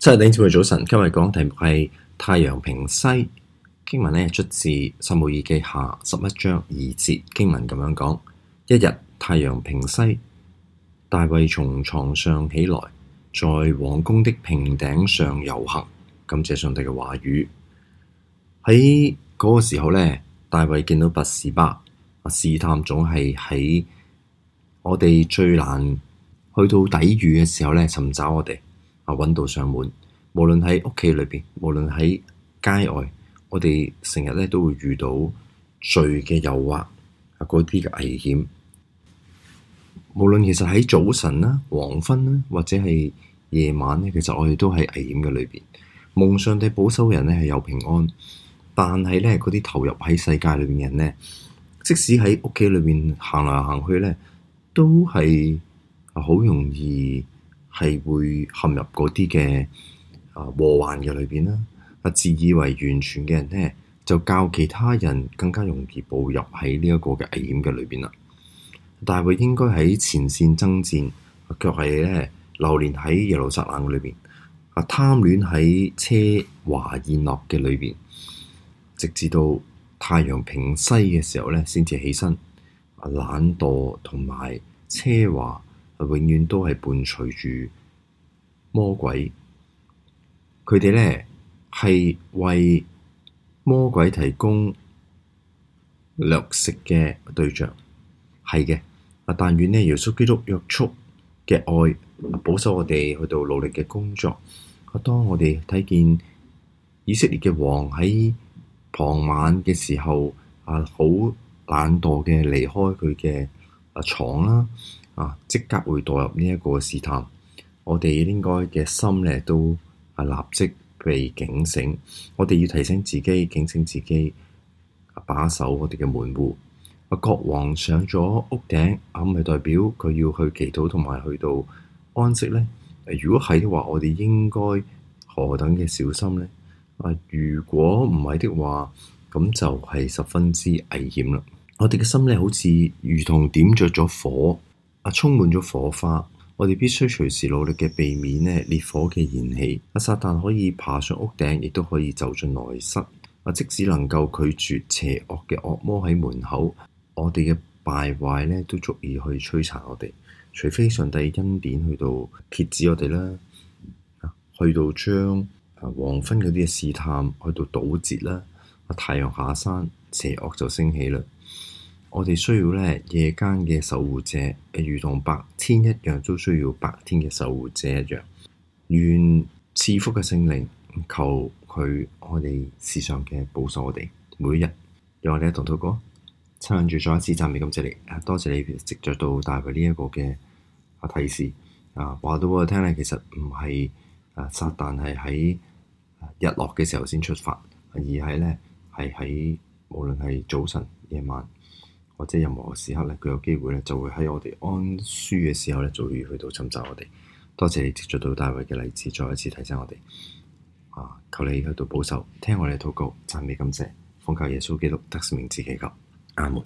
七點姊妹早晨，今日講題目係太陽平西，經文咧，出自《撒母耳記》下十一章二節經文咁樣講：一日太陽平西，大衛從床上起來，在王宮的平頂上遊行，感謝上帝嘅話語。喺嗰個時候呢，大衛見到拔示巴，啊試探總係喺我哋最難去抵禦嘅時候呢尋找我哋。揾到上門，無論喺屋企裏邊，無論喺街外，我哋成日咧都會遇到罪嘅誘惑啊，嗰啲嘅危險。無論其實喺早晨啦、黃昏啦，或者係夜晚咧，其實我哋都係危險嘅裏邊。蒙上帝保守嘅人咧係有平安，但係咧嗰啲投入喺世界裏面嘅人咧，即使喺屋企裏面行來行去咧，都係好容易。係會陷入嗰啲嘅啊禍患嘅裏邊啦！啊，自以為完全嘅人呢，就較其他人更加容易步入喺呢一個嘅危險嘅裏邊啦。大衛應該喺前線爭戰，卻係咧流連喺耶路撒冷裏邊，啊貪戀喺奢華宴樂嘅裏邊，直至到太陽平西嘅時候咧，先至起身。啊懶惰同埋奢華，永遠都係伴隨住魔鬼，佢哋咧係為魔鬼提供掠食嘅對象，係嘅。啊，但願咧，耶穌基督約束嘅愛保守我哋去到努力嘅工作。我當我哋睇見以色列嘅王喺傍晚嘅時候啊，好懶惰嘅離開佢嘅啊牀啦。啊！即刻會墮入呢一個試探，我哋應該嘅心咧都啊立即被警醒。我哋要提醒自己，警醒自己，把守我哋嘅門戶。啊，國王上咗屋頂，啊唔係代表佢要去祈禱同埋去到安息咧。如果係的話，我哋應該何等嘅小心咧？啊，如果唔係的話，咁就係十分之危險啦。我哋嘅心咧好似如同點着咗火。啊！充滿咗火花，我哋必須隨時努力嘅避免呢烈火嘅燃起。啊！撒旦可以爬上屋頂，亦都可以走進內室。啊！即使能夠拒絕邪惡嘅惡魔喺門口，我哋嘅敗壞咧都足以去摧殘我哋，除非上帝恩典去到遏止我哋啦，去到將黃昏嗰啲嘅試探去到堵截啦。啊！太陽下山，邪惡就升起嘞。我哋需要咧，夜間嘅守護者，誒，如同白天一樣，都需要白天嘅守護者一樣。願賜福嘅聖靈求佢，我哋時常嘅保守我哋，每一日讓、嗯、我哋同禱告撐住再一次，讚美感謝你啊，多謝你直着到大嚟呢一個嘅提示啊，話到我聽咧，其實唔係啊，撒旦係喺日落嘅時候先出發，而係咧係喺無論係早晨夜晚。或者任何時刻咧，佢有機會咧，就會喺我哋安舒嘅時候咧，就會去到侵襲我哋。多謝你接觸到大衛嘅例子，再一次提醒我哋。啊，求你去到保守，聽我哋禱告，讚美感謝，奉靠耶穌基督得勝名字祈求，阿門。